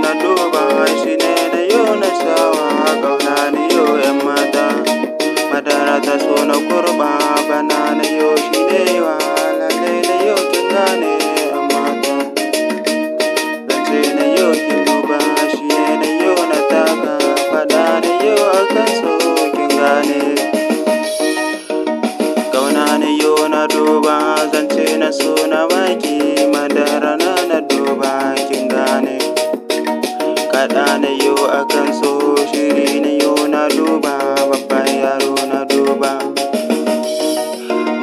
na duba shi ne da yau na sawa ƙauna ni yau 'yan mata madara ta suna na kurɓa bana na yau faɗa na yau akan so shiri na yau na duba babban yaro na duba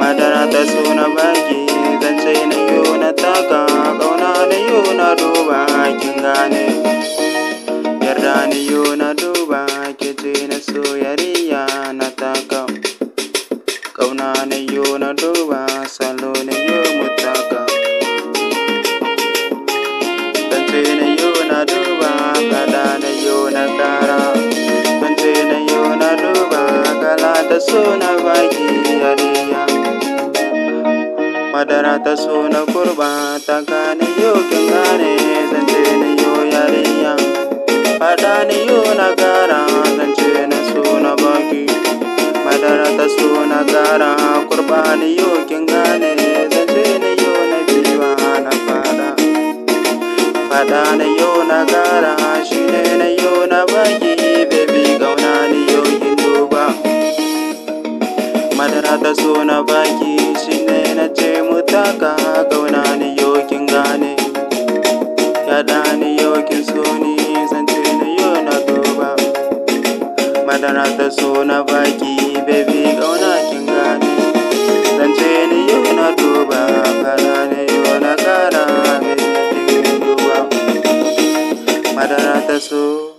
madara ta so na baki zance na yau na taka ƙauna na yau na duba kin gane yarda na yau na duba ke ce na soyayya na taka ƙauna na yau na duba salo so na baki madara ta so na kurba ta gane yau kin gane zance ne yo yariya fada ni yau na gara zance na so na baki madara ta so na gara kurba ni yo kin gane zance na yo na biwa na fada fada ni yau na gara shi ne madara ta so na baki ne na ce mutaka gauna ni yokin gane ya ni yokin so ni zance ni yo na duba madara ta so na baki baby gauna kin gane ce ni yo na duba kana ni yo na kara me duba madara ta so